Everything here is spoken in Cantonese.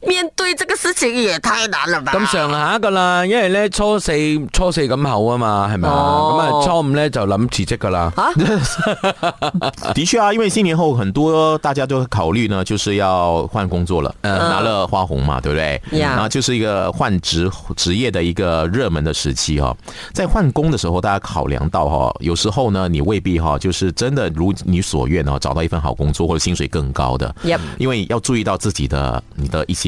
面對這個事情也太難了吧。咁上下噶啦，因為呢，初四初四咁好啊嘛，係咪、哦、啊？咁啊，初五呢，就諗辭職噶啦。啊，的確啊，因為新年後很多大家都考慮呢，就是要換工作了。嗯，拿了花紅嘛，對不對？啊、嗯，然後就是一個換職職業的一個熱門的時期哦。在換工的時候，大家考量到哦，有時候呢，你未必哈，就是真的如你所願哦，找到一份好工作或者薪水更高的。嗯、因為要注意到自己的你的一些。